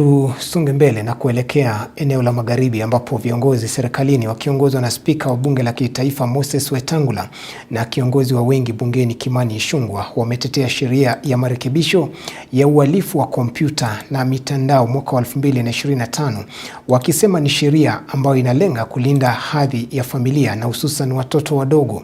Tusonge mbele na kuelekea eneo la magharibi ambapo viongozi serikalini wakiongozwa na spika wa bunge la kitaifa Moses Wetangula na kiongozi wa wengi bungeni Kimani ishungwa wametetea sheria ya marekebisho ya uhalifu wa kompyuta na mitandao mwaka wa 2025 wakisema ni sheria ambayo inalenga kulinda hadhi ya familia na hususan watoto wadogo.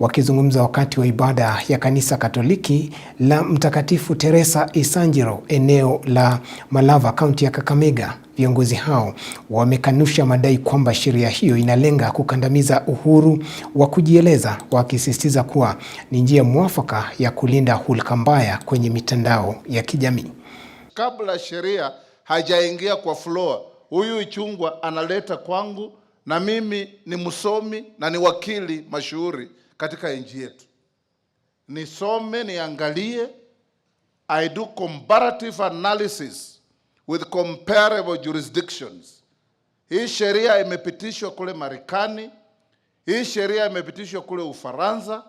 Wakizungumza wakati wa ibada ya kanisa Katoliki la Mtakatifu Teresa Isanjiro eneo la Malava County kaunti ya Kakamega, viongozi hao wamekanusha madai kwamba sheria hiyo inalenga kukandamiza uhuru wa kujieleza, wakisisitiza kuwa ni njia mwafaka ya kulinda hulka mbaya kwenye mitandao ya kijamii. Kabla sheria hajaingia kwa floor, huyu Ichung'wah analeta kwangu, na mimi ni msomi na ni wakili mashuhuri katika nchi yetu, nisome niangalie, I do comparative analysis with comparable jurisdictions. Hii sheria imepitishwa kule Marekani, hii sheria imepitishwa kule Ufaransa,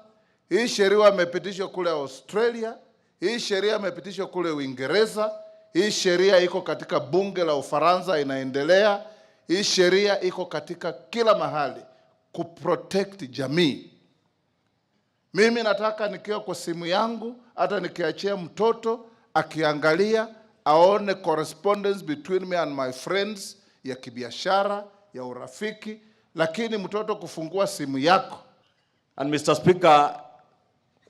hii sheria imepitishwa kule Australia, hii sheria imepitishwa kule Uingereza, hii sheria iko katika bunge la Ufaransa inaendelea. Hii sheria iko katika kila mahali kuprotect jamii. Mimi nataka nikiwa kwa simu yangu, hata nikiachia mtoto akiangalia aone correspondence between me and my friends ya kibiashara ya urafiki, lakini mtoto kufungua simu yako. And Mr. Speaker,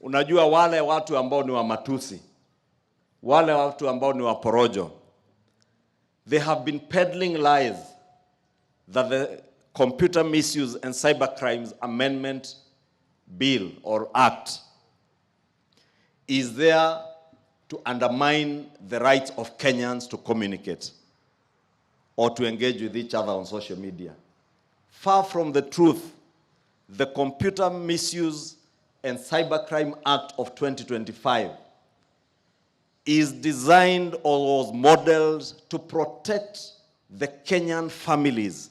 unajua wale watu ambao ni wa matusi, wale watu ambao ni waporojo, they have been peddling lies that the Computer Misuse and Cyber Crimes Amendment Bill or Act is there to undermine the rights of Kenyans to communicate or to engage with each other on social media. Far from the truth, the Computer Misuse and Cybercrime Act of 2025 is designed or was modeled to protect the Kenyan families